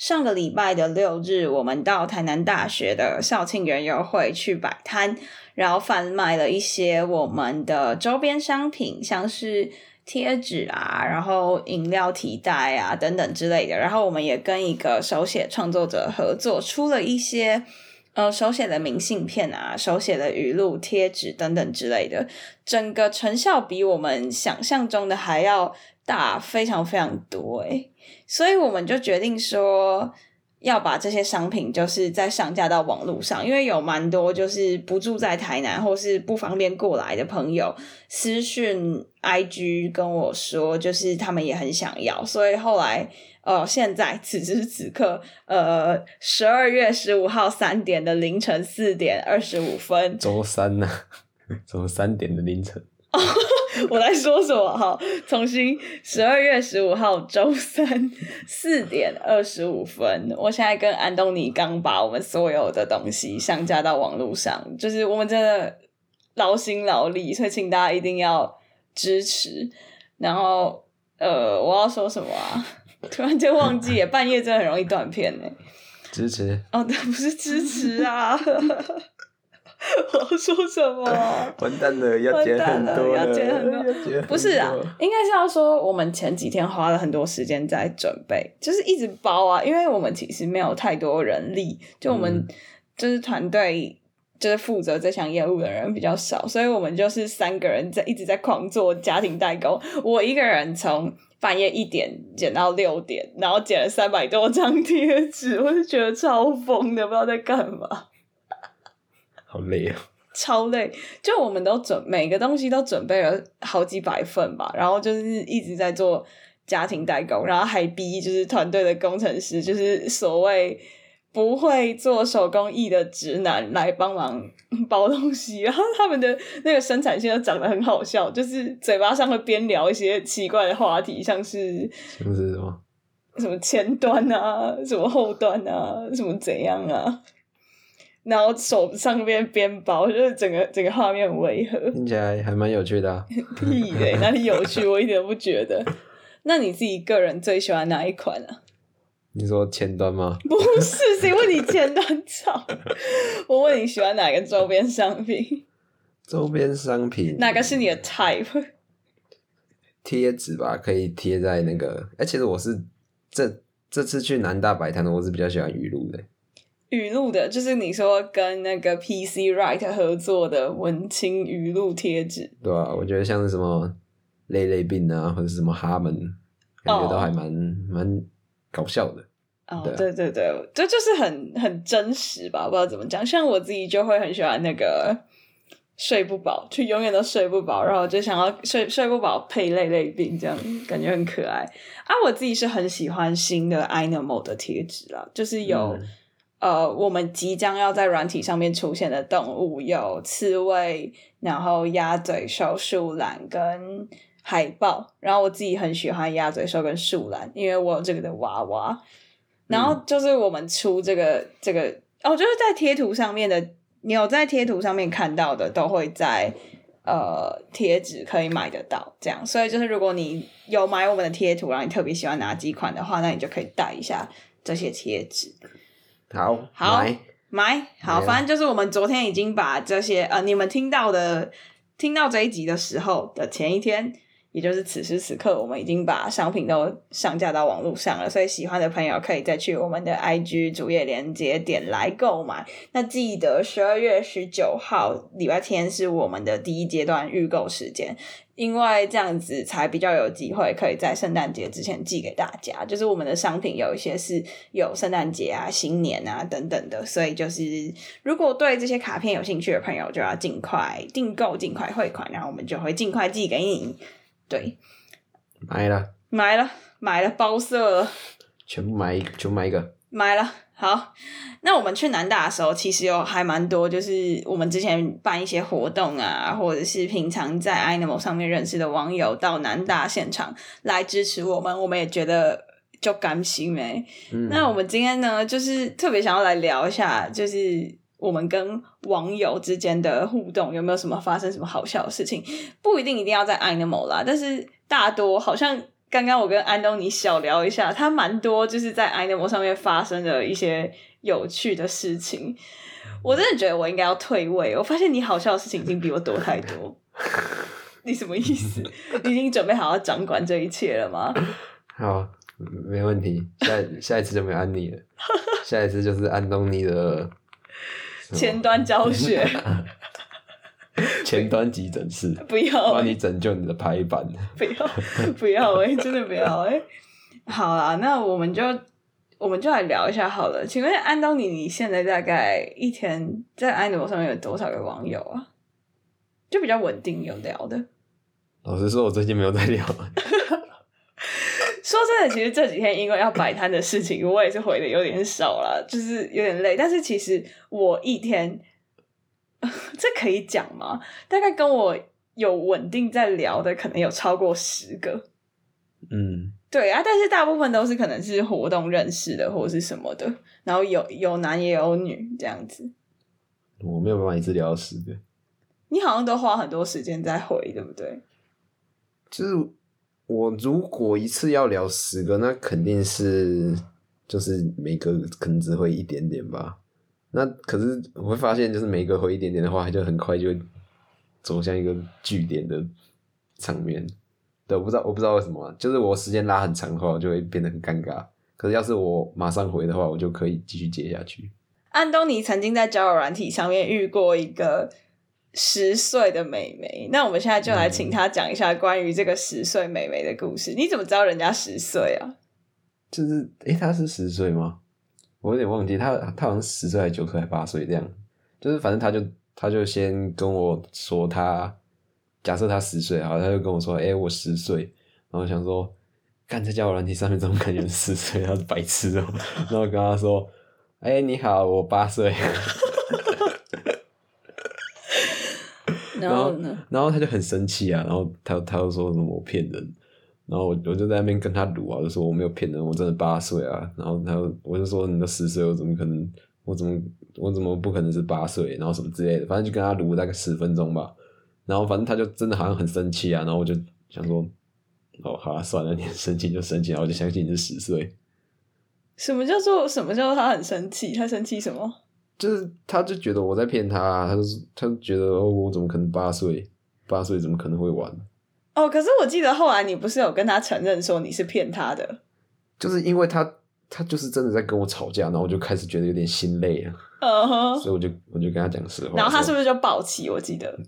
上個禮拜的六日，我們到台南大學的校慶園遊會去擺攤，然後販賣了一些我們的週邊商品，像是貼紙啊，然後飲料提袋啊等等之類的。然後我們也跟一個手寫創作者合作，出了一些呃手寫的明信片啊、手寫的語錄貼紙等等之類的。整個成效比我們想象中的還要大非常非常多誒，所以我們就決定說要把這些商品，就是再上架到網絡上，因為有蠻多就是不住在台南或是不方便過來的朋友私訊 IG 跟我說，就是他們也很想要，所以後來哦、呃，現在此時此刻呃十二月十五號三點的凌晨四點二十五分，周三呢、啊，周三點的凌晨。 我來說什麼哈？重新，十二月十五號周三四點二十五分，我現在跟安東尼剛把我們所有的東西上架到網絡上，就是我們真的勞心勞力，所以請大家一定要支持。然後，呃，我要說什麼啊？突然間忘記耶，半夜真的很容易斷片呢。支持哦，對，不是支持啊。 我說什麼？完蛋了，要剪很、很、很多，要剪很多。不是啊，嗯、應該是要說我們前幾天花了很多時間在準備，就是一直包啊，因為我們其實沒有太多人力，就我們就是團隊就是負責這項業務的人比較少，所以我們就是三個人在一直在狂做家庭代購。我一個人從半夜一點剪到六點，然後剪了三百多張貼紙，我是覺得超瘋的，不知道在幹嘛。好累啊、哦！超累，就我們都準每個東西都準備了好幾百份吧，然後就是一直在做家庭代工，然後還逼就是團隊的工程師，就是所謂不會做手工藝的直男來幫忙包東西，然後他們的那個生產線都長得很好笑，就是嘴巴上會邊聊一些奇怪的話題，像是什麼什麼前端啊，什麼後端啊，什麼怎樣啊。然後手上邊邊包，就是整個整個畫面很違和。聽起來還蠻有趣的、啊。 屁嘞、欸，哪裡有趣？我一點都不覺得。那你自己個人最喜歡哪一款呢、啊？你說前端嗎？不是，誰問你前端草。 我問你喜歡哪個周邊商品？周邊商品哪個是你的 type？貼紙吧，可以貼在那個。哎、欸，其實我是這這次去南大擺攤的，我是比較喜歡語錄的。語錄的，就是你說跟那個 P C Write 合作的文青語錄貼紙。對啊，我覺得像是什麼累累病啊，或者是什麼哈門，感覺都還蠻蠻、oh. 搞笑的。啊、oh, 對，對對對，這就是很很真實吧，不知道怎麼講。像我自己就會很喜歡那個睡不飽，就永遠都睡不飽，然後就想要睡睡不飽配累累病這樣，感覺很可愛。啊，我自己是很喜歡新的 AInimal 的貼紙啦，就是有、嗯。呃，我們即將要在軟體上面出現的動物有刺蝟，然後鴨嘴獸、樹懶跟海豹。然後我自己很喜歡鴨嘴獸跟樹懶，因為我有這個的娃娃。然後就是我們出這個這個，嗯、哦，就是在貼圖上面的，你有在貼圖上面看到的，都會在呃貼紙可以買得到。這樣，所以就是如果你有買我們的貼圖，然後你特別喜歡哪幾款的話，那你就可以帶一下這些貼紙。好好買好，反正就是我們昨天已經把這些呃，你們聽到的聽到這一集的時候的前一天，也就是此時此刻，我們已經把商品都上架到網絡上了，所以喜歡的朋友可以再去我們的 IG 主頁連結點來購買。那記得十二月十九號禮拜天是我們的第一階段預購時間。因為這樣子才比較有機會，可以在聖誕節之前寄給大家。就是我們的商品有一些是有聖誕節啊、新年啊等等的，所以就是如果對這些卡片有興趣的朋友，就要盡快訂購、盡快匯款，然後我們就會盡快寄給你。對，買了，買了，買了，包色，全部買，全部買一個，買了。好，那我們去南大的時候，其實有還蠻多，就是我們之前辦一些活動啊，或者是平常在 AInimal 上面認識的網友到南大現場來支持我們，我們也覺得就甘心。哎，那我們今天呢，就是特別想要來聊一下，就是我們跟網友之間的互動有沒有什麼發生什麼好笑的事情？不一定一定要在 AInimal 啦，但是大多好像。剛剛我跟安東尼小聊一下，他蠻多就是在 Animal 上面發生的一些有趣的事情。我真的覺得我應該要退位，我發現你好笑的事情已經比我多太多。你什麼意思？已經準備好要掌管這一切了嗎？好，沒問題。下下一次就沒有安妮了，下一次就是安東尼的前端教學。 前端急診室。不，不要幫、欸、你拯救你的排版，不要不、欸、要真的不要、欸、 好啦，那我們就我們就來聊一下好了。請問 Anthony，你現在大概一天在 AInimal 上面有多少個網友啊？就比較穩定有聊的。老實說，我最近沒有在聊。 說真的，其實這幾天因為要擺攤的事情，我也是回的有點少了，就是有點累。但是其實我一天。 這可以講嗎？大概跟我有穩定在聊的，可能有超過十個。嗯，對啊，但是大部分都是可能是活動認識的，或者是什麼的。然後有有男也有女這樣子。我沒有辦法一次聊十個。你好像都花很多時間在回，對不對？就是我如果一次要聊十個，那肯定是就是每個可能只會一點點吧。那可是我會發現，就是每個回一點點的話，就很快就會走向一個句點的場面。對，我不知道，我不知道為什麼，就是我時間拉很長的話，就會變得很尷尬。可是要是我馬上回的話，我就可以繼續接下去。安東尼曾經在交友軟體上面遇過一個十歲的美眉，那我們現在就來請他講一下關於這個十歲美眉的故事。嗯，你怎麼知道人家十歲啊？就是，誒，她是十歲嗎？我有點忘記他，他好像十歲還九歲還八歲這樣，就是反正他就他就先跟我說他，假設他十歲，啊，他就跟我說，哎、欸，我十歲，然後想說，幹這家伙軟體上面怎麼感覺十歲，他是白痴哦、喔，然後跟他說，哎、欸，你好，我八歲， 然後呢，然後他就很生氣啊，然後他他又說什麼我騙人。然後我我就在那邊跟他盧啊，就說我沒有騙人，我真的八歲啊。然後他就我就說你都十歲，我怎麼可能？我怎麼我怎麼不可能是八歲？然後什麼之類的，反正就跟他盧大概十分鐘吧。然後反正他就真的好像很生氣啊。然後我就想說，哦，好、啊、算了，你生氣你就生氣，然後我就相信你是十歲。什麼叫做什麼叫做他很生氣？他生氣什麼？就是他就覺得我在騙他，他就他就覺得、哦、我怎麼可能八歲？八歲怎麼可能會玩？哦，可是我記得後來你不是有跟他承認說你是騙他的，就是因為他他就是真的在跟我吵架，然後我就開始覺得有點心累啊，嗯哼、uh-huh. 所以我就我就跟他講實話，後然後他是不是就爆氣我記得，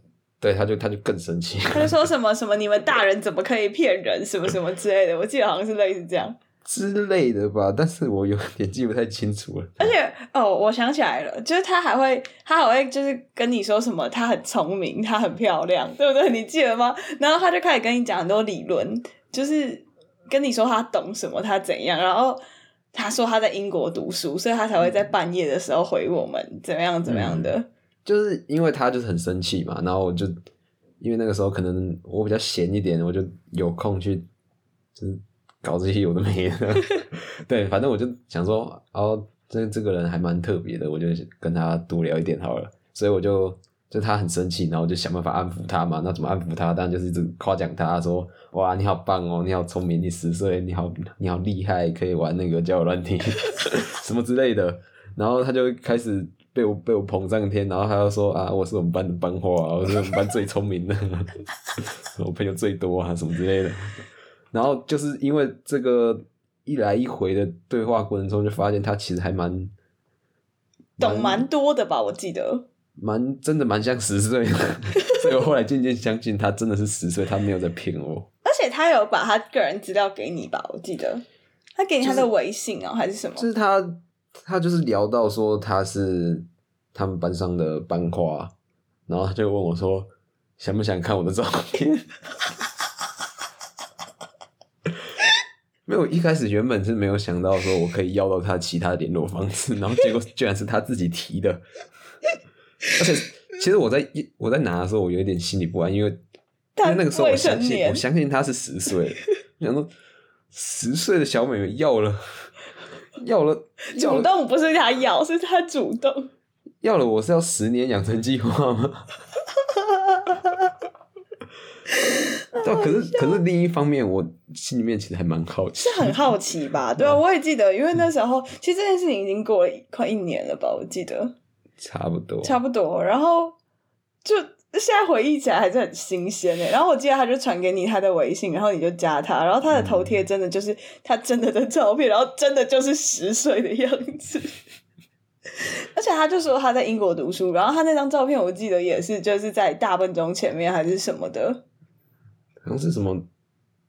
對，他就他就更生氣，他就說什麼什麼你們大人怎麼可以騙人什麼什麼之類的，我記得好像是類似這樣。之類的吧，但是我有點記不太清楚了。而且哦，我想起來了，就是他還會，他還會就是跟你說什麼，他很聰明，他很漂亮，對不對？你記得嗎？然後他就開始跟你講很多理論，就是跟你說他懂什麼，他怎樣。然後他說他在英國讀書，所以他才會在半夜的時候回我們，嗯、怎麼樣怎麼樣的。就是因為他就是很生氣嘛，然後我就，因為那個時候可能我比較閒一點，我就有空去，就是。搞這些有的沒的， 對，反正我就想說，哦，這這個人還蠻特別的，我就跟他多聊一點好了。所以我就就他很生氣，然後我就想辦法安撫他嘛。那怎麼安撫他？當然就是一直誇獎他說：“哇，你好棒哦，你好聰明，你十歲，你好你好厲害，可以玩那個叫我亂聽 什麼之類的。”然後他就開始被我被我捧上天，然後他又說：“啊，我是我們班的班花，我是我們班最聰明的， 我朋友最多啊，什麼之類的。”然後就是因為這個一來一回的對話過程中，就發現他其實還蠻懂蠻、蠻多的吧，我記得蠻真的蠻像十歲的。 所以我後來漸漸相信他真的是十歲，他沒有在騙我。而且他有把他個人資料給你吧？我記得他給你他的微信哦，就是，還是什麼？就是他他就是聊到說他是他們班上的班花，然後他就問我說想不想看我的照片？ 沒有，一開始原本是沒有想到說我可以要到他其他聯絡方式，然後結果居然是他自己提的。 而且，其實我在一我在拿的時候，我有點心裡不安，因為但那個時候我相信我相信他是十歲，想說十歲的小妹妹要了，要了，要了主動不是他要，是他主動要了。我是要十年養成計劃嗎？ 對，可是可是另一方面，我心裡面其實還蠻好奇，是很好奇吧？ 對啊，我也記得， 因為那時候其實這件事情已經過了快一年了吧？我記得差不多，差不多。然後就現在回憶起來還是很新鮮誒。然後我記得他就傳給你他的微信，然後你就加他，然後他的頭貼真的就是他真的的照片，嗯、然後真的就是十歲的樣子。 而且他就說他在英國讀書，然後他那張照片我記得也是就是在大笨鐘前面還是什麼的。好像是什麼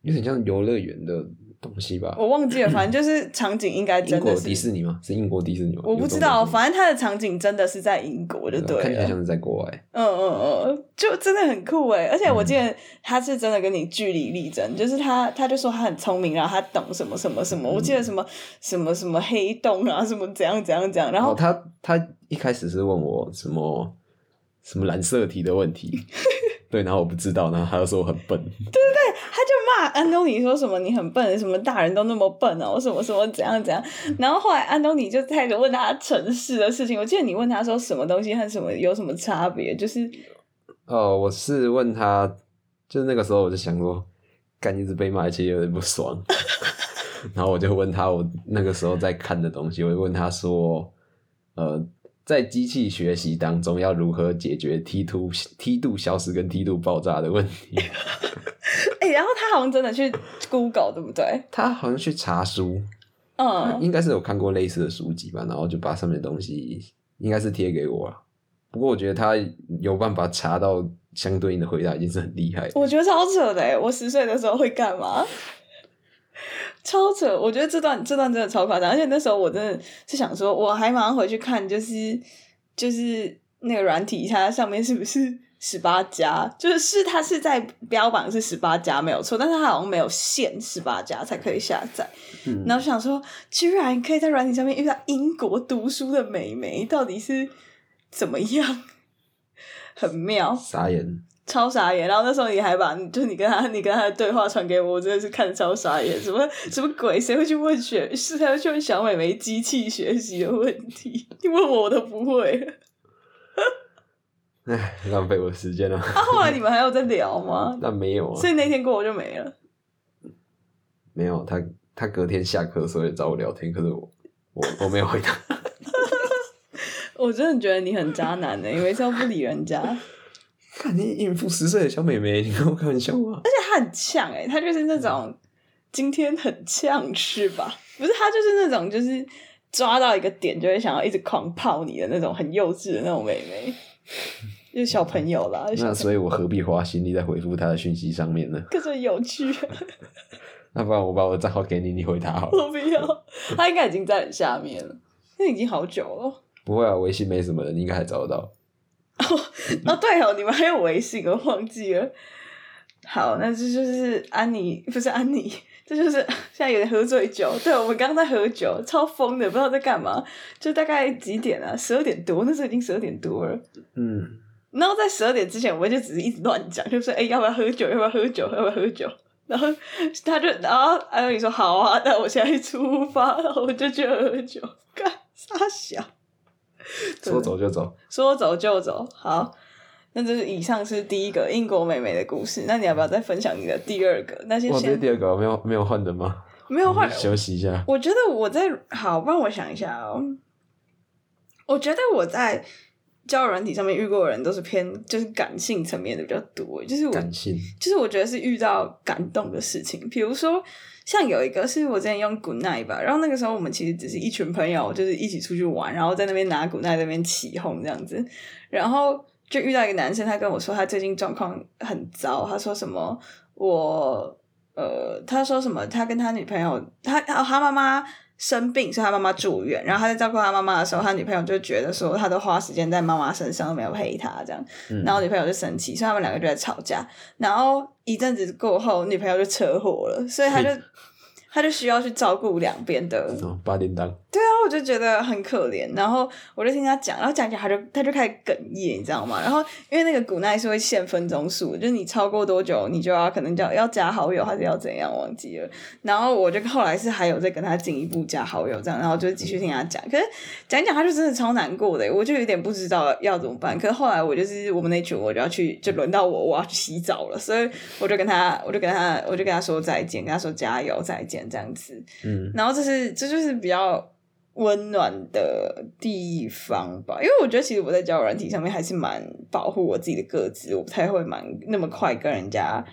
有點像遊樂園的東西吧，我忘記了。反正就是場景應該真的是迪士尼嗎？是英國迪士尼嗎？我不知道喔。反正他的場景真的是在英國就對了。看起來像是在國外。嗯嗯嗯，嗯，就真的很酷哎！而且我記得他是真的跟你據理力爭，嗯、就是他他就說他很聰明，然後他懂什麼什麼什麼。嗯、我記得什麼什麼什麼黑洞啊，什麼怎樣怎樣怎樣。然後，然後他他一開始是問我什麼什麼藍色題的問題。 對，然後我不知道，然後他就說我很笨。對對對，他就罵安東尼說什麼你很笨，什麼大人都那麼笨啊，哦，我什麼什麼怎樣怎樣。然後後來安東尼就開始問他城市的事情。我記得你問他說什麼東西和什麼有什麼差別，就是哦，我是問他，就是那個時候我就想說，幹一直被罵，其實有點不爽。 然後我就問他，我那個時候在看的東西，我就問他說，呃。在機器學習當中，要如何解決梯度梯度消失跟梯度爆炸的問題、 欸，然後他好像真的去 Google，對不對？他好像去查書，嗯，應該是有看過類似的書籍吧，然後就把上面的東西應該是貼給我啊。不過我覺得他有辦法查到相對應的回答，已經是很厲害了。我覺得超扯的欸，我十歲的時候會幹嘛？超扯！我覺得這段這段真的超誇張，而且那時候我真的是想說，我還馬上回去看，就是就是那個軟體，它上面是不是 18+？就是是它是在標榜是 18+ 沒有錯，但是它好像沒有限 18+ 才可以下載。嗯，然後想說，居然可以在軟體上面遇到英國讀書的美眉，到底是怎麼樣？很妙，傻眼。超傻眼，然後那時候你還把，就你跟他，你跟他的對話傳給我，我真的是看超傻眼，什麼什麼鬼？誰會去問學？誰會去問小妹妹機器學習的問題？你問我我都不會。哎，浪費我時間了。那、啊、後來你們還要再聊嗎？那沒有啊。所以那天過我就沒了。沒有，他他隔天下課的時候也找我聊天，可是我我我沒有回答。我真的覺得你很渣男的、欸，因為這樣不理人家。看你應付十歲的小妹妹，你跟我開玩笑啊？而且她很嗆誒，她就是那種今天很嗆是吧？不是，她就是那種就是抓到一個點就會想要一直狂泡你的那種很幼稚的那種妹妹，就是、小朋友啦。友那所以我何必花心力在回復她的訊息上面呢？可是有趣、啊。 那不然我把我的賬號給你，你回答好了。我不要，她應該已經在下面了，那已經好久了。不會啊，微信沒什麼的，你應該還找得到。哦，哦對哦，你們還有微信，我忘記了。好，那這就是安妮，不是安妮，這就是現在有點喝醉酒。對、哦、我們剛剛在喝酒，超瘋的，不知道在幹嘛。就大概幾點啊？十二點多，那時候已經十二點多了。嗯。然後在十二點之前，我們就只是一直亂講，就說、是：“哎、欸，要不要喝酒？要不要喝酒？要不要喝酒？”然後他就，然後安妮說：“好啊，那我現在出發，然後我就去喝酒。幹”幹傻笑。對說走就走，說走就走。好，那這是以上是第一個英國妹妹的故事。那你要不要再分享你的第二個？那先第二個，沒有沒有換的嗎？沒有換，休息一下我。我覺得我在好，幫我想一下哦。我覺得我在交友軟體上面遇過的人都是偏就是感性層面的比較多，就是感性。就是我覺得是遇到感動的事情，比如說。像有一個是我之前用 good night 吧，然後那個時候我們其實只是一群朋友，就是一起出去玩，然後在那邊拿 good night 在那邊起哄這樣子，然後就遇到一個男生，他跟我說他最近狀況很糟，他說什麼我呃，他說什麼他跟他女朋友他他他媽媽生病，所以他媽媽住院。然後他在照顧他媽媽的時候，他女朋友就覺得說，他都花時間在媽媽身上，都沒有陪他這樣。嗯。然後女朋友就生氣，所以他們兩個就在吵架。然後一陣子過後，女朋友就車禍了，所以他就。他就需要去照顧兩邊的，八點到。對啊，我就覺得很可憐。然後我就聽他講，然後講講他就他就開始哽咽，你知道嗎？然後因為那個古耐是會限分鐘數，就是你超過多久你就要可能叫要加好友還是要怎樣，忘記了。然後我就後來是還有在跟他進一步加好友這樣，然後就繼續聽他講。可是講講他就真的超難過的，我就有點不知道要怎麼辦。可是後來我就是我們那群，我就要去，就輪到我，我要去洗澡了，所以我就跟他，我就跟他，我就跟他說再見，跟他說加油，再見。這樣子，嗯，然後這是這就是比較溫暖的地方吧，因為我覺得其實我在交友軟體上面還是蠻保護我自己的個子，我不太會蠻那麼快跟人家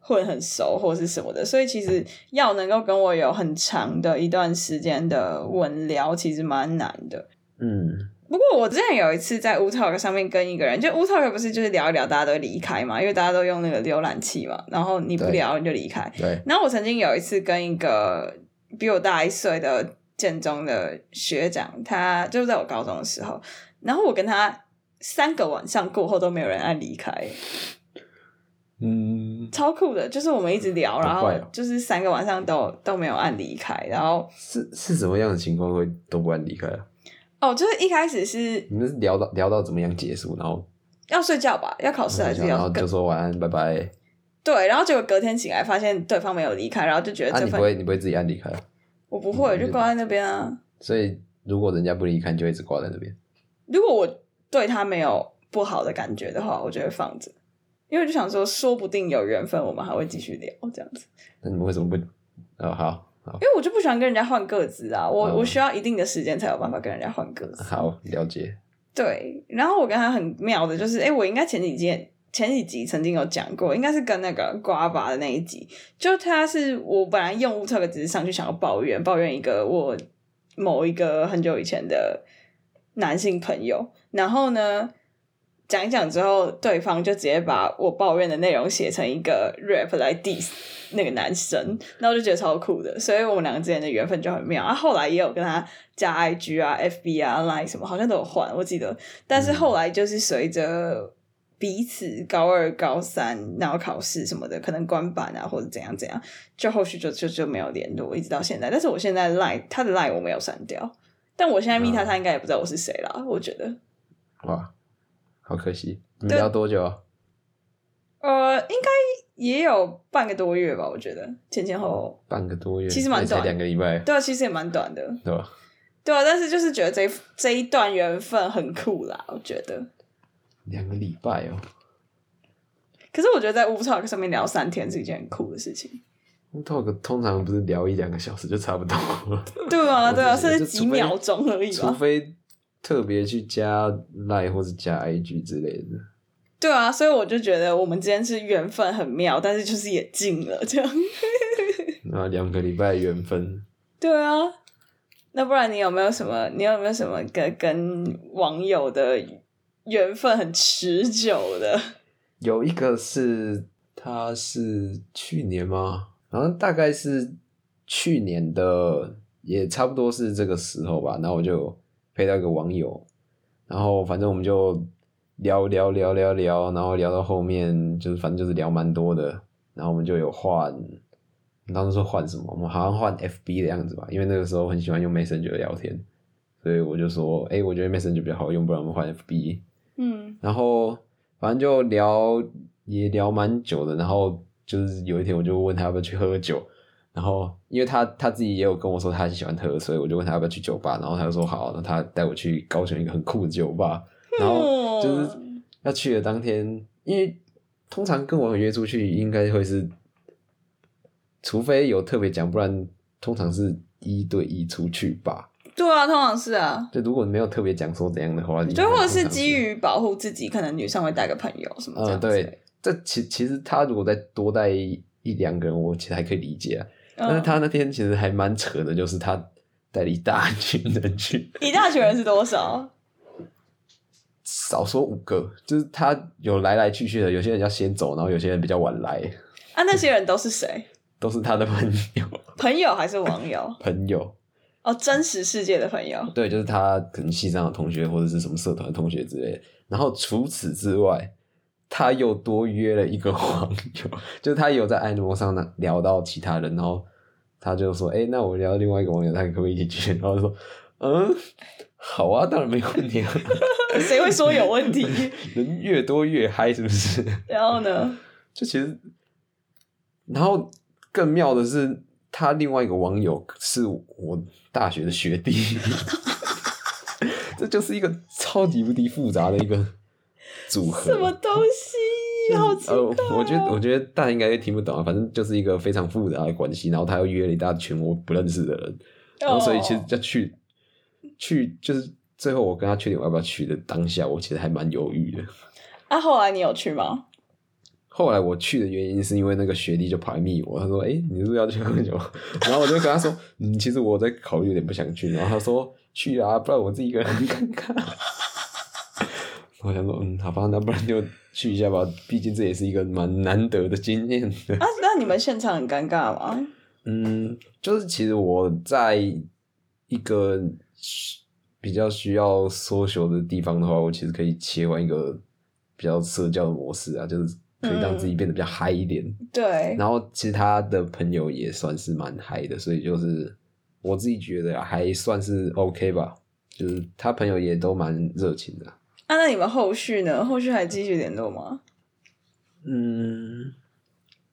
混很熟或是什麼的，所以其實要能夠跟我有很長的一段時間的穩聊，其實蠻難的，嗯。不過我之前有一次在 wootalk 上面跟一個人，就 wootalk 不是就是聊一聊，大家都離開嘛，因為大家都用那個瀏覽器嘛。然後你不聊你就離開。對，對。然後我曾經有一次跟一個比我大一歲的建中的學長，他就在我高中的時候。然後我跟他三個晚上過後都沒有人按離開，嗯，超酷的，就是我們一直聊，嗯，好怪哦。然後就是三個晚上都都沒有按離開，然後是是什麼樣的情況會都不按離開？哦，就是一開始是你們是聊到聊到怎麼樣結束，然後要睡覺吧？要考試還是要？然後就說晚安，跟拜拜。對，然後結果隔天起來發現對方沒有離開，然後就覺得、啊、你不會，你不會自己要離開、啊。我不會，嗯、就掛在那邊啊。所以如果人家不離開，你就一直掛在那邊。如果我對他沒有不好的感覺的話，我就會放着，因為就想說，說不定有緣分，我們還會繼續聊這樣子。那你們為什麼不？哦，好。因為我就不喜歡跟人家換個子啊，我我需要一定的時間才有辦法跟人家換個子、嗯。好，了解。對，然後我跟他很妙的就是，哎、欸，我應該前幾集前幾集曾經有講過，應該是跟那個瓜娃的那一集，就他是我本來用 Wootalk 上去想要抱怨，抱怨一個我某一個很久以前的男性朋友，然後呢，講一講之後，對方就直接把我抱怨的內容寫成一個 rap 來 diss 那個男生，那我就覺得超酷的，所以我們兩個之間的緣分就很妙啊。後來也有跟他加 IG 啊、FB 啊、Line 什麼，好像都有換，我記得。但是後來就是隨着彼此高二、高三，然後考試什麼的，可能關板啊，或者怎樣怎樣，就後續就就就，就沒有聯絡，一直到現在。但是我現在 Line 他的 Line 我沒有刪掉，但我現在密他，他應該也不知道我是誰啦，嗯、我覺得。哇。好可惜，你們聊多久啊？呃，應該也有半個多月吧，我覺得前前後後半個多月，其實蠻短的，兩個禮拜，對，其實也蠻短的，對吧？對啊，但是就是覺得這一這一段緣分很酷啦，我覺得兩個禮拜哦。可是我覺得在 Wootalk 上面聊三天是一件很酷的事情。Wootalk 通常不是聊一兩個小時就差不多了，對啊，對啊，甚至幾秒鐘而已吧，除非。特別去加 Line 或者加 IG 之類的，對啊，所以我就覺得我們之間是緣分很妙，但是就是也近了這樣，然 那兩個禮拜緣分。對啊，那不然你有沒有什麼？你有沒有什麼跟跟網友的緣分很持久的？有一個是，他是去年嗎？然後大概是去年的，也差不多是這個時候吧。那我就。配到一個網友，然後反正我們就聊聊聊聊聊，然後聊到後面就是反正就是聊蠻多的，然後我們就有換，你當時說換什麼？我們好像換 FB 的樣子吧，因為那個時候很喜歡用 Messenger 聊天，所以我就說，哎，我覺得 Messenger 比較好用，不然我們換 FB。嗯。然後反正就聊也聊蠻久的，然後就是有一天我就問他要不要去喝酒。然後，因為他他自己也有跟我說他很喜歡喝，所以我就問他要不要去酒吧。然後他就說好，那他帶我去高雄一個很酷的酒吧。然後就是要去的當天，因為通常跟我約出去應該會是，除非有特別講，不然通常是一對一出去吧。對啊，通常是啊。對，如果沒有特別講說怎樣的話，最後是基於保護自己，可能女生會帶個朋友什麼的。的，嗯。對。這其其實他如果再多帶一兩個人，我其實還可以理解啊。但是他那天其實還蠻扯的，就是他帶了一大群人去。 一大群人是多少？少說五個，就是他有來來去去的，有些人要先走，然後有些人比較晚來。啊，那些人都是誰？都是他的朋友，朋友還是網友？朋友哦，真實世界的朋友。對，就是他可能系上的同學或者是什麼社團同學之類的。然後除此之外。他又多約了一個網友，就他有在 Animal 上呢聊到其他人，然後他就說：“哎、欸，那我聊另外一個網友，他可不可以一起去？”然後說：“嗯，好啊，當然沒問題、啊。”誰 會說有問題？人越多越嗨，是不是？然後呢？就其實，然後更妙的是，他另外一個網友是我大學的學弟， 這就是一個超級無敵複雜的一個。組合什麼東西？好激、啊啊、我，我覺得，我覺得大家應該也聽不懂啊。反正就是一個非常複雜的關係，然後他又約了一大群我不認識的人，哦、然後所以其實要去去，去就是最後我跟他確定我要不要去的當下，我其實還蠻猶豫的。啊，後來你有去嗎？後來我去的原因是因為那個學弟就排密我，他說：“誒，你是不是要去喝酒？”然後我就跟他說：“ 嗯，其實我在考慮，有點不想去。”然後他說：“去啊，不然我自己一個人很尷尬。” 我想說，嗯，好吧，那不然就去一下吧。畢竟這也是一個蠻難得的經驗。啊，那你們現場很尷尬嗎？嗯，就是其實我在一個比較需要 social 的地方的話，我其實可以切換一個比較社交的模式啊，就是可以讓自己變得比較嗨一點。嗯、對。然後，其他的朋友也算是蠻嗨的，所以就是我自己覺得還算是 OK 吧。就是他朋友也都蠻熱情的。那那你們後續呢？後續還繼續聯絡嗎？嗯，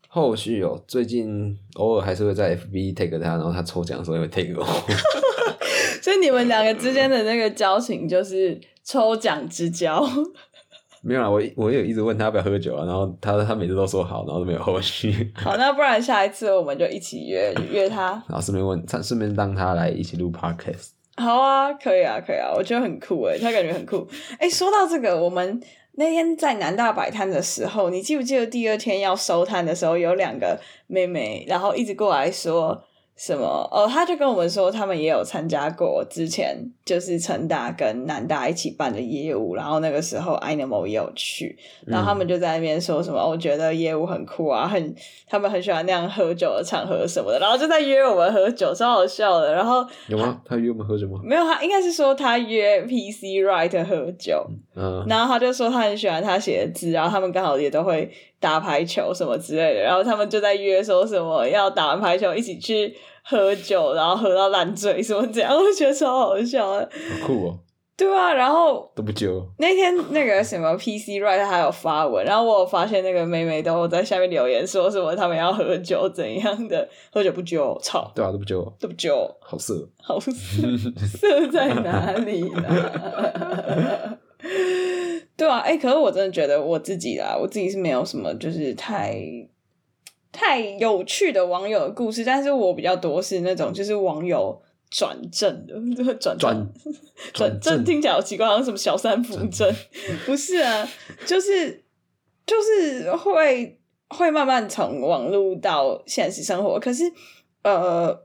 後續有、哦，最近偶爾還是會在 FB take 他，然後他抽獎的時候會 take 我。 所以你們兩個之間的那個交情就是抽獎之交。沒有啊，我我有一直問他要不要喝酒啊，然後他他每次都說好，然後都沒有後續。好，那不然下一次我們就一起約 約他，然後順便問，順便讓他來一起錄 podcast。好啊，可以啊，可以啊，我覺得很酷哎，他感覺很酷。哎、欸，說到這個，我們那天在南大擺攤的時候，你記不記得第二天要收攤的時候，有兩個妹妹，然後一直過來說。什麼哦？他就跟我們說，他們也有參加過之前就是成大跟南大一起辦的業務，然後那個時候 AInimal 也有去，然後他們就在那邊說什麼，我、嗯哦、覺得業務很酷啊，很他們很喜歡那樣喝酒的場合什麼的，然後就在約我們喝酒，超好笑的。然後有嗎？他約我們喝什麼？沒有，他應該是說他約 PC Writer 喝酒，嗯呃、然後他就說他很喜歡他寫的字，然後他們剛好也都會。打排球什麼之類的，然後他們就在約，說什麼要打完排球一起去喝酒，然後喝到爛醉，什麼這樣，我覺得超好笑的。好酷哦！對啊，然後都不揪。那天那個什麼 PC Right 他還有發文， 然後我有發現那個妹妹都在下面留言，說什麼他們要喝酒，怎樣的喝酒不揪吵？操對啊，都不揪，都不揪，好色，好色， 色在哪裡呢？ 對啊，哎、欸，可是我真的覺得我自己啦，我自己是沒有什麼就是太太有趣的網友的故事，但是我比較多是那種就是網友轉正的，轉正轉，轉正，轉正聽起來好奇怪，好像什麼小三轉正轉正，不是啊，就是就是會 會慢慢從網路到現實生活，可是呃。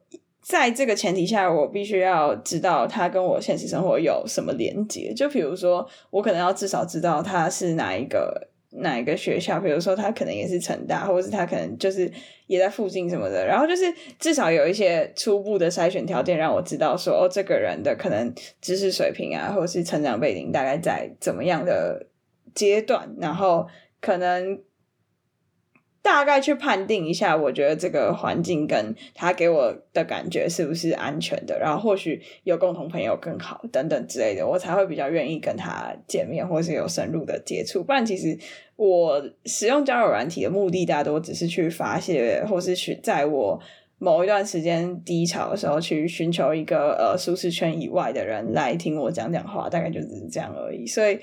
在這個前提下，我必須要知道他跟我現實生活有什麼連結。就比如說，我可能要至少知道他是哪一個哪一個學校。比如說，他可能也是成大，或者是他可能就是也在附近什麼的。然後就是至少有一些初步的篩選條件，讓我知道說，哦，這個人的可能知識水平啊，或者是成長背景大概在怎麼樣的階段，然後可能。大概去判定一下，我覺得這個環境跟他給我的感覺是不是安全的，然後或許有共同朋友更好等等之類的，我才會比較願意跟他見面，或是有深入的接觸。不然，其實我使用交友軟體的目的大多只是去發洩，或是去在我某一段時間低潮的時候去尋求一個呃舒適圈以外的人來聽我講講話，大概就是這樣而已。所以。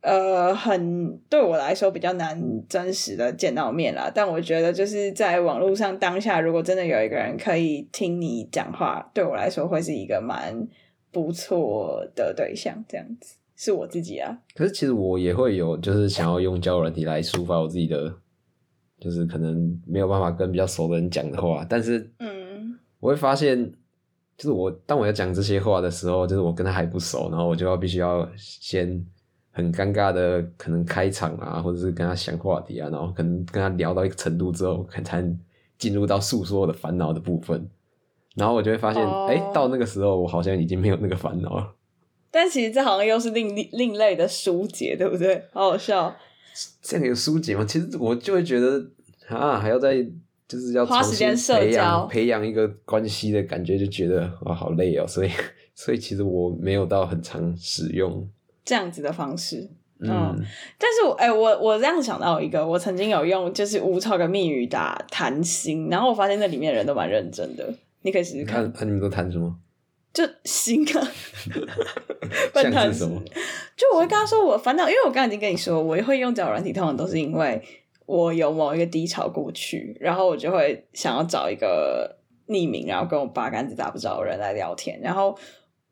呃，很對我來說比較難真實的見到面啦，嗯、但我覺得就是在網絡上當下，如果真的有一個人可以聽你講話，對我來說會是一個蠻不錯的對象。這樣子是我自己啊。可是其實我也會有，就是想要用交友軟體來抒發我自己的，就是可能沒有辦法跟比較熟的人講的話。但是，嗯，我會發現，就是我當我要講這些話的時候，就是我跟他還不熟，然後我就要必須要先。很尷尬的，可能開場啊，或者是跟他想話題啊，然後可能跟他聊到一個程度之後，才進入到訴說我的煩惱的部分。然後我就會發現，哎、oh. 欸，到那個時候我好像已經沒有那個煩惱了。但其實這好像又是另另類的疏解，對不對？好好笑。這樣有疏解嗎？其實我就會覺得啊，還要再就是要花時間社交，培養一個關係的感覺，就覺得哇，好累哦、喔。所以，所以其實我沒有到很常使用。這樣子的方式，嗯，嗯，但是我哎、欸，我我這樣想到一個，我曾經有用就是 Wootalk 的密語打談心，然後我發現那裡面人都蠻認真的，你可以試試看。看、啊啊、你們都談什麼？就心啊，半 什心。 就我會跟他說我煩惱，因為我剛剛已經跟你說，我會用這種軟體，通常都是因為我有某一個低潮過去，然後我就會想要找一個匿名，然後跟我八竿子打不着的人來聊天，然後。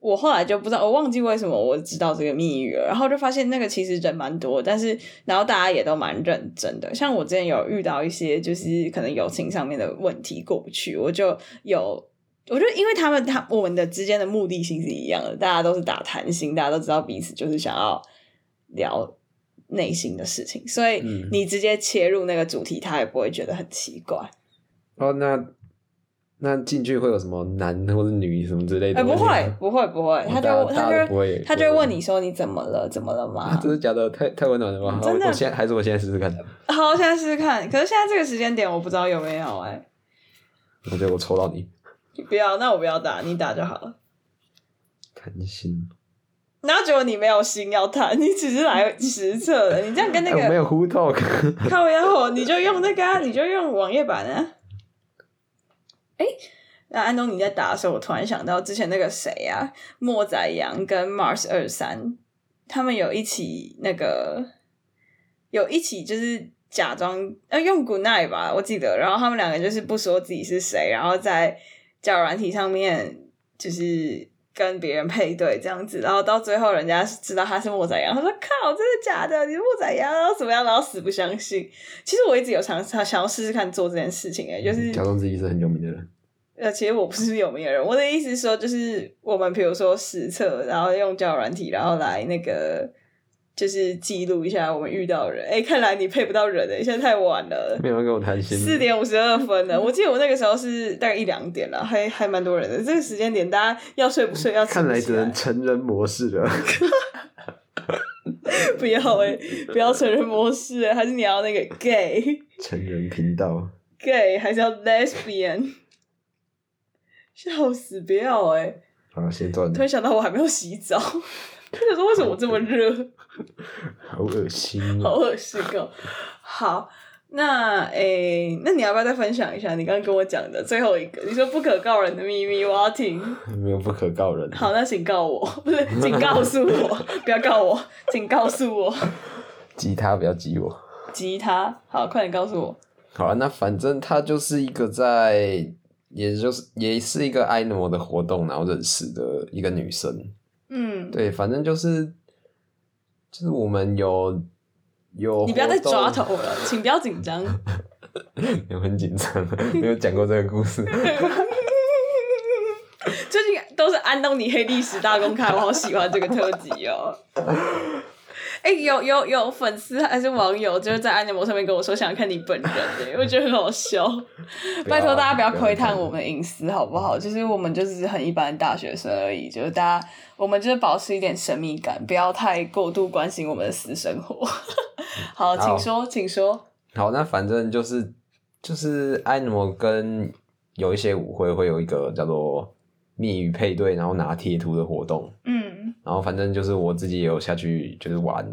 我後來就不知道，我忘記為什麼我知道這個秘語了。然後就發現那個其實人蠻多，但是然後大家也都蠻認真的。像我之前有遇到一些，就是可能友情上面的問題過不去，我就有，我就因為他們他我們的之間的目的性是一樣的，大家都是打談心，大家都知道彼此就是想要聊內心的事情，所以你直接切入那個主題，他也不會覺得很奇怪。哦、嗯，那、oh,。那進去會有什麼男的或者女什麼之類的？哎，不會，不會，不會，他就他不會，他就問你說你怎麼了，怎麼了嗎？這是假的太太溫暖了吧？真的，我現在還是我現在試試看。好，現在試試看。可是現在這個時間點，我不知道有沒有哎。我覺得我抽到你。不要，那我不要打，你打就好了。開心。然後結果你沒有心要彈？你只是來實測的。你這樣跟那個沒有 Wootalk。靠呀，你就用那個，啊你就用網頁版啊。哎，那安東尼在打的時候，我突然想到之前那個誰啊，莫宰羊跟 Mars 二三，他們有一起那個，有一起就是假裝啊、呃、用 Good Night 吧，我記得。然後他們兩個就是不說自己是誰，然後在交軟體上面就是。跟別人配對這樣子，然後到最後人家知道他是莫宰羊，他說：“靠，真的假的？你是莫宰羊？然後怎麼樣？然後死不相信。”其實我一直有嘗試想要試試看做這件事情、欸，哎，就是、嗯、假裝自己是很有名的人。呃，其實我不是有名的人，我的意思是說就是我們比如說實測，然後用交友軟體，然後來那個。就是記錄一下我們遇到的人，哎、欸，看來你配不到人哎、欸，現在太晚了，沒有人跟我談心。四點五十二分了，我記得我那個時候是大概一兩點了，還還蠻多人的。這個時間點，大家要睡不睡？要起來看來只能成人模式了。 不要哎、欸，不要成人模式、欸，還是你要那個 gay？成人頻道。gay 還是要 lesbian？笑死，不要哎、欸！啊，先斷。突然想到，我還沒有洗澡。可是為什麼這麼熱？好惡心、啊，好惡心哦！好，那誒、欸，那你要不要再分享一下你剛剛跟我講的最後一個？你說不可告人的秘密，我要聽。沒有不可告人。好，那請告我，不是請告訴我， 不要告我，請告訴我。吉他不要激我。吉他，好，快點告訴我。好，啊，那反正他就是一個在，也就是也是一個愛摩的活動，然後認識的一個女生。嗯，對，反正就是，就是我們有有，你不要再抓頭了， 請不要緊張，有 很緊張，沒有講過這個故事， 最近都是安東尼黑歷史大公開，我好喜歡這個特輯哦。 欸，有有有粉絲還是網友，就是在 AInimal 上面跟我說，想看你本人，欸，因我覺得很好笑。要拜托大家不要窺探我們隱私，好不好？不要就是我們就是很一般的大學生而已，就是大家我們就是保持一點神秘感，不要太過度關心我們的私生活。 好，請說，好請說。好，那反正就是就是 AInimal 跟有一些舞會會有一個叫做。密語配對，然後拿貼圖的活動，嗯，然後反正就是我自己也有下去就是玩，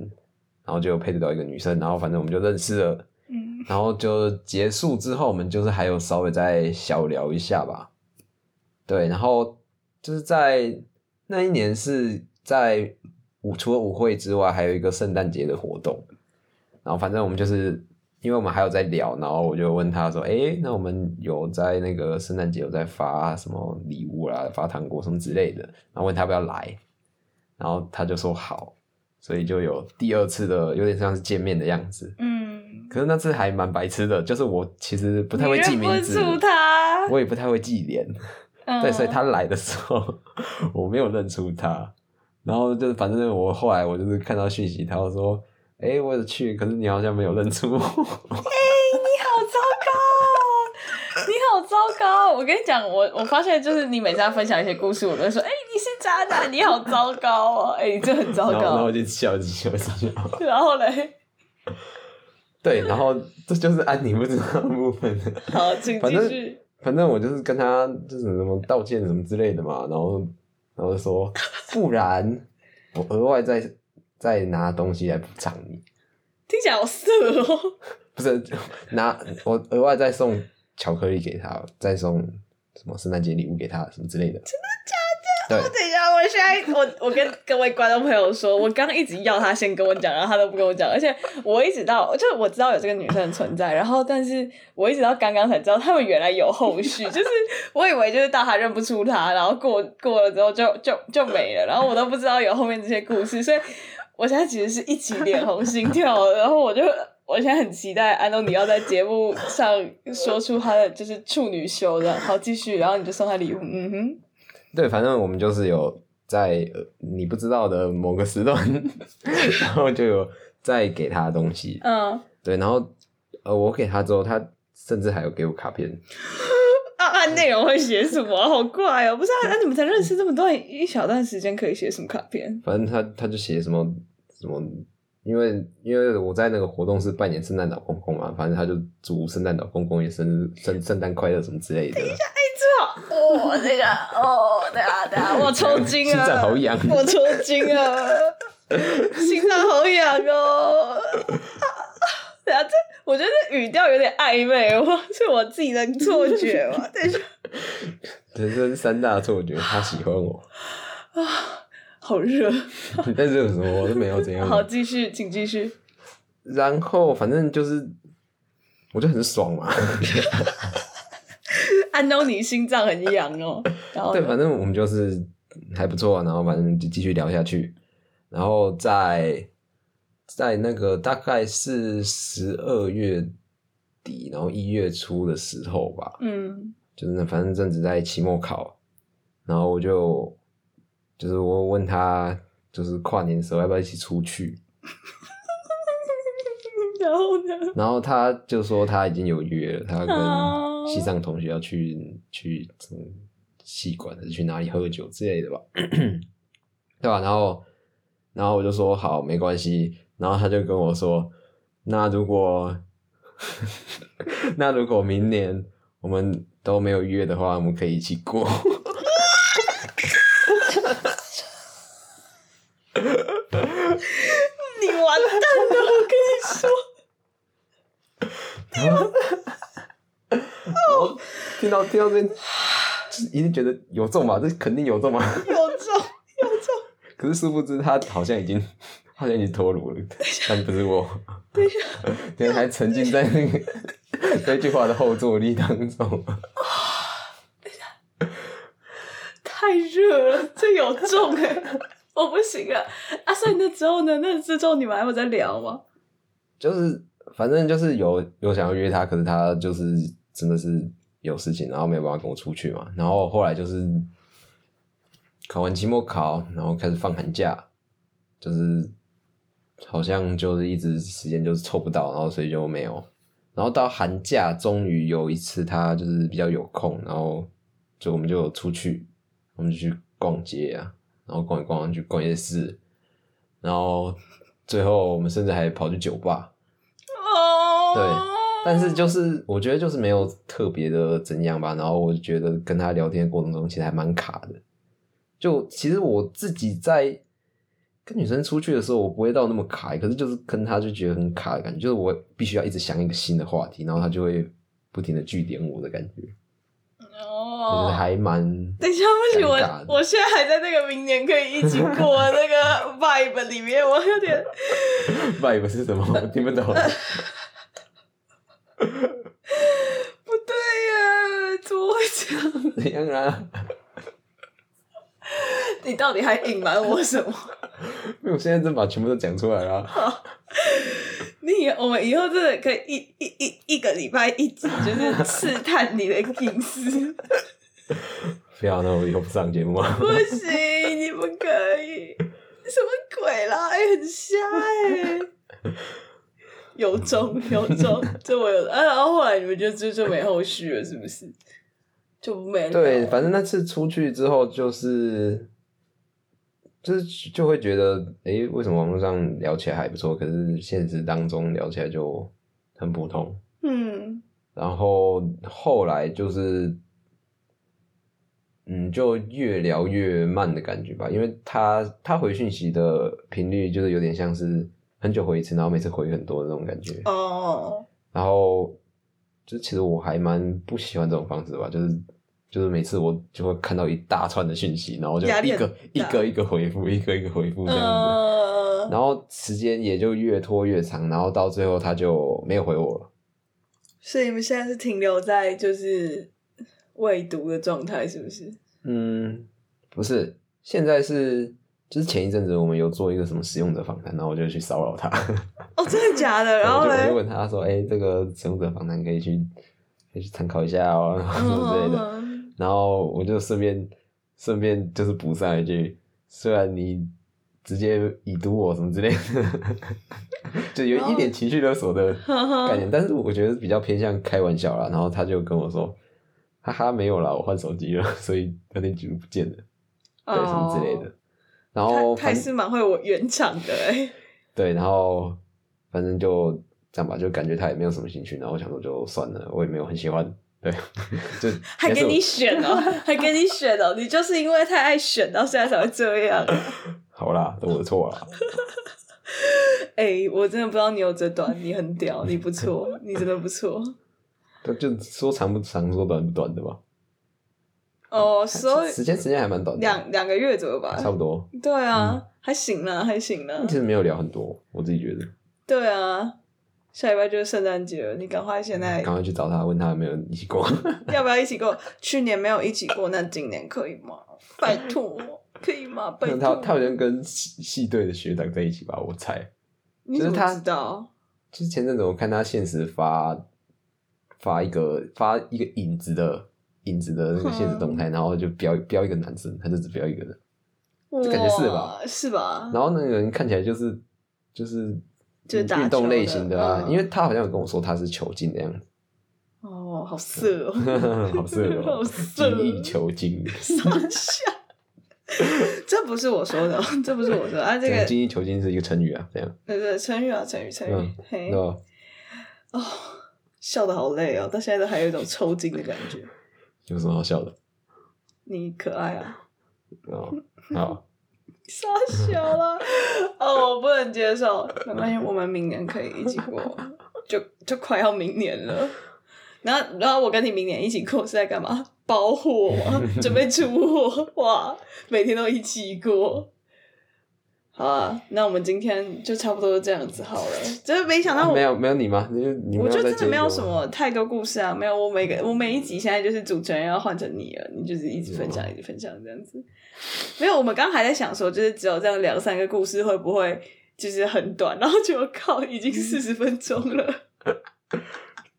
然後就配得到一個女生，然後反正我們就認識了，嗯，然後就結束之後，我們就是還有稍微再小聊一下吧，對，然後就是在那一年是在舞，除了舞會之外，還有一個聖誕節的活動，然後反正我們就是。因為我們還有在聊，然後我就問他說：“哎、欸，那我們有在那個聖誕節有在發什麼禮物啊？發糖果什麼之類的？”然後問他要不要來，然後他就說好，所以就有第二次的，有點像是見面的樣子。嗯。可是那次還蠻白痴的，就是我其實不太會記名字，也我也不太會記臉。嗯、 對，所以他來的時候， 我沒有認出他。然後就是，反正我後來我就是看到訊息，他說。哎、欸，我有去，可是你好像沒有認出我。哎、欸，你好糟糕、喔！ 你好糟糕、喔！我跟你講，我我發現就是你每次要分享一些故事，我都會說：哎、欸，你是渣男，你好糟糕啊、喔！哎、欸，這很糟糕、喔然。然後我就笑一笑，一笑然後嘞，對，然後這就是安妮不知道的部分。好，請繼續反。反正我就是跟他就是什麼道歉什麼之類的嘛，然後然後就說不然我額外再。再拿東西來補償你，聽起來好色哦！不是，拿我額外再送巧克力給他，再送什麼聖誕節禮物給他，什麼之類的。真的假的？對。哦，等一下，我現在我我跟各位觀眾朋友說，我剛剛一直要他先跟我講，然後他都不跟我講，而且我一直到就我知道有這個女生的存在，然後但是我一直到剛剛才知道他們原來有後續，就是我以為就是到他認不出他，然後過過了之後就就就沒了，然後我都不知道有後面這些故事，所以。我現在其實是一起臉紅心跳，然後我就我現在很期待安東尼要在節目上說出他的就是處女秀這樣。好，繼續，然後你就送他禮物，嗯哼。對，反正我們就是有在你不知道的某個時段， 然後就有在給他的東西，嗯，對，然後呃，我給他之後，他甚至還有給我卡片。啊、內容會寫什麼？好怪哦、喔！不知道他怎麼才認識這麼多一,一小段時間，可以寫什麼卡片？反正他他就寫什麼什麼，因為因為我在那個活動是扮演聖誕老公公嘛，反正他就祝聖誕老公公也生日，聖聖誕快樂什麼之類的。等一下，哎，這哦，這個哦，對啊對啊， 好我抽筋啊， 心臟好癢，我抽筋啊，心臟好癢哦。對啊，這我覺得這語調有點曖昧，哇， 是我自己的錯覺嗎？ 人生三大錯覺，他喜歡我啊，好熱，你在熱什麼？我都沒有怎樣。好，繼續，請繼續。然後，反正就是，我覺得很爽嘛。安東尼心臟很癢哦。 對，反正我們就是還不錯啊，然後反正就繼續聊下去，然後再。在那個大概是十二月底，然後一月初的時候吧，嗯，就是那反正正值在期末考，然後我就就是我問他，就是跨年的時候要不要一起出去，然後呢，然後他就說他已經有約了，他跟系上同學要去去嗯戲館還是去哪裡喝酒之類的吧， 對吧？然後然後我就說好，沒關係。然後他就跟我說：“那如果，那如果明年我們都沒有約的話，我們可以一起過。”你完蛋了！ 我跟你說。你然後聽到聽到這邊，就一定覺得有中吧？這肯定有中嘛？有中有中。可是殊不知，他好像已經。好像已脫爐了，但不是我。等一下，等下還沉浸在那個那句話的後座力當中。太熱了，這有重、欸、 我不行了啊！所以那之候呢，那之、個、周你們還有在聊嗎？就是反正就是有有想要約他，可是他就是真的是有事情，然後沒有辦法跟我出去嘛。然後後來就是考完期末考，然後開始放寒假，就是。好像就是一直時間就是湊不到，然後所以就沒有。然後到寒假，終於有一次他就是比較有空，然後就我們就出去，我們就去逛街啊，然後逛一逛，去逛夜市，然後最後我們甚至還跑去酒吧。哦。對。但是就是我覺得就是沒有特別的怎樣吧。然後我覺得跟他聊天的過程中其實還蠻卡的。就其實我自己在。跟女生出去的時候，我不會到那麼卡，可是就是跟她就覺得很卡的感覺，就是我必須要一直想一個新的話題，然後她就會不停的句點我的感覺。哦、oh.，還蠻……等一下，不行，行我，我現在還在那個明年可以一起過那個 vibe 裡面？ 我有點 vibe 是什麼？我聽不懂。 不對呀，怎麼會這樣？怎樣啊， 你到底還隱瞞我什麼？沒有，因為我現在真的把全部都講出來了。你以我們以後真的可以一一一一個禮拜一集，就是試探你的隱私。 不要、啊，那我以後不上節目了。不行，你不可以？什麼鬼啦？哎，很瞎哎、欸！有裝有裝，這我有啊。然後後來你們就就就沒後續了，是不是？就沒了。對，反正那次出去之後就是。就是就會覺得，誒，為什麼網絡上聊起來還不錯，可是現實當中聊起來就很普通。嗯，然後後來就是，嗯，就越聊越慢的感覺吧，因為他他回訊息的頻率就是有點像是很久回一次，然後每次回很多的那種感覺。哦，然後，就其實我還蠻不喜歡這種方式吧，就是。就是每次我就會看到一大串的訊息，然後就一個一個一個回覆，一個一個回覆這樣子，然後時間也就越拖越長，然後到最後他就沒有回我了。所以你們現在是停留在就是未讀的狀態，是不是？嗯，不是，現在是就是前一陣子我們有做一個什麼使用者訪談，然後我就去騷擾他。哦，真的假的？然後我就問他說：“哎，這個使用者訪談可以去可以去參考一下哦，什麼之類的。”然後我就順便順便就是補上一句，雖然你直接已讀我什麼之類的， 就有一點情緒勒索的感覺，oh. Oh. 但是我覺得比較偏向開玩笑啦。然後他就跟我說，哈哈，沒有啦，我換手機了，所以有點記錄不見了，對、oh. 什麼之類的。然後他還是蠻會我原廠的誒。對，然後反正就這樣吧，就感覺他也沒有什麼興趣，然後我想說就算了，我也沒有很喜歡。對，就還給你選哦， 還給你選哦，你就是因為太愛選，到現在才會這樣，啊。好啦，都我的錯了啦。哎、 欸，我真的不知道你有這段。你很屌，你不錯， 你真的不錯。就就說長不長，說短不短的吧。哦、oh, so，所以時間時間還蠻短的，兩兩個月左右吧，差不多。對啊，嗯、還行啦，還行啦。其實沒有聊很多，我自己覺得。對啊。下禮拜就是聖誕節了，你趕快現在趕快去找他，問他有沒有一起過， 要不要一起過？去年沒有一起過，那今年可以嗎？拜托，可以嗎？拜托。他他好像跟系隊的學長在一起吧，我猜。你怎麼知道？就是,就是前陣子我看他限時發發一個發一個影子的影子的那個限時動態，嗯、然後就標標一個男生，他就只標一個人，就哇感覺是吧？是吧？然後那個人看起來就是就是。就運動類型的啊，因為他好像有跟我說他是球精的樣子。哦，好色哦，好色哦，精益求精。笑，這不是我說的，這不是我說啊，這個精益求精是一個成語啊，這樣。對對，成語啊，成語，成語。嘿。哦。笑得好累哦。到現在都還有一種抽筋的感覺。有什麼好笑的？你可愛啊。哦。好笑死了哦，我不能接受。沒關係，我們明年可以一起過，就就快要明年了。然後，然後我跟你明年一起過是在幹嘛？包貨啊， 準備出貨哇！每天都一起過。好啊，那我們今天就差不多這樣子好了。真的沒想到我、啊，沒有沒有你嗎？你嗎？我就真的沒有什麼太多故事啊，沒有。我每個我每一集現在就是主持人要換成你了，你就是一直分享，嗎一直分享這樣子。沒有，我們剛剛還在想說，就是只有這樣兩三個故事會不會就是很短，然後就靠已經四十分鐘了。嗯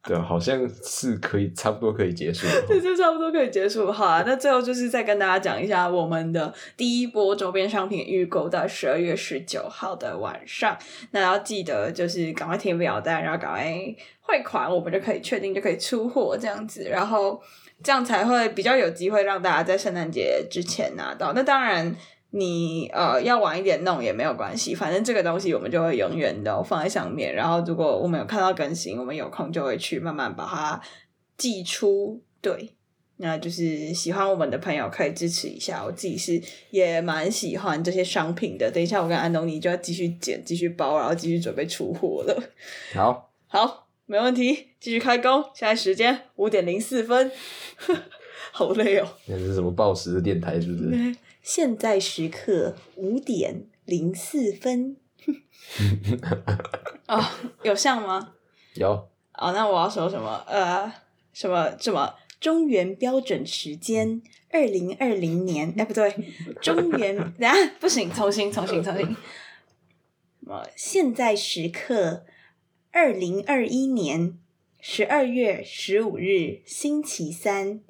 對，好像是可以，差不多可以結束。 對，就差不多可以結束，好啊，對那最後就是再跟大家講一下，我們的第一波周邊商品預購到十二月十九號的晚上，那要記得就是趕快填表單，然後趕快匯款，我們就可以確定就可以出貨這樣子，然後這樣才會比較有機會讓大家在聖誕節之前拿到。那當然。你呃要晚一點弄也沒有關係，反正這個東西我們就會永遠的放在上面。然後如果我們有看到更新，我們有空就會去慢慢把它寄出。對，那就是喜歡我們的朋友可以支持一下。我自己是也蠻喜歡這些商品的。等一下我跟安東尼就要繼續剪、繼續包，然後繼續準備出貨了。好，好，沒問題，繼續開工。現在時間五點零四分， 好累哦。那是什麼報時的電台是不是？現在時刻五點零四分。哦 oh, 有像嗎？有哦，oh, 那我要說什麼？呃、uh,，什麼什麼中原標準時間二零二零年？哎，不對，中原啊， 不行，重新，重新，重新。什麼？ 現在時刻二零二一年十二月十五日星期三，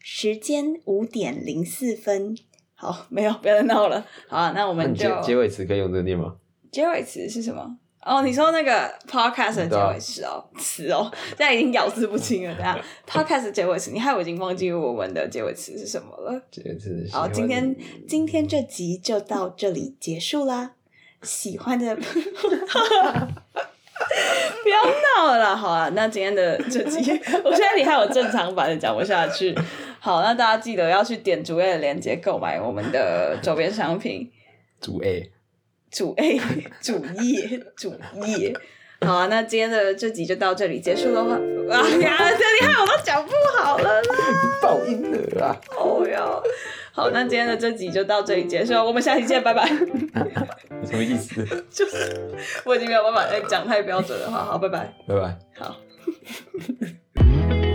時間五點零四分。好，沒有，不要再鬧了。好啊，那我們就結尾詞可以用這個念嗎？結尾詞是什麼？哦、oh,，你說那個 podcast 的結尾詞哦，詞、啊、哦，現在已經咬字不清了，等下 podcast 的結尾詞，你害我已經忘記我們的結尾詞是什麼了。詞。好，今天今天這集就到這裡結束啦。 喜歡的 不要鬧了，好啊。那今天的這集， 我現在你害我正常版的講不下去。好，那大家記得要去點主頁的鏈接購買我們的周邊商品。主 A、主 A 主、主頁。主頁。好啊，那今天的這集就到這裡結束的話，哎呀哇，太厲害，哇我都講不好了啦。報應啦！哦喲。好，那今天的這集就到這裡結束，我們下期見，拜拜。什麼意思？ 就是我已經沒有辦法再講、欸、太標準的話，好，拜拜。拜拜。好。